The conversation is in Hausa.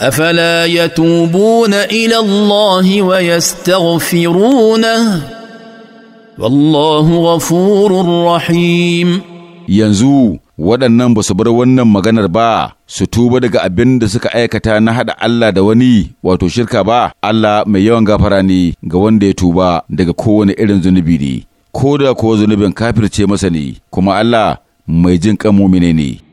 افلا يتوبون الى الله ويستغفرونه والله غفور رحيم ينزو waɗannan ba su bar wannan maganar ba su tuba daga abin da suka aikata na haɗa Allah da wani wato shirka ba Allah mai yawan gafara ne ga wanda ya tuba daga kowane irin zunubi ne ko da kuwa zunubin kafirce masa ne kuma Allah mai jin kan mumine ne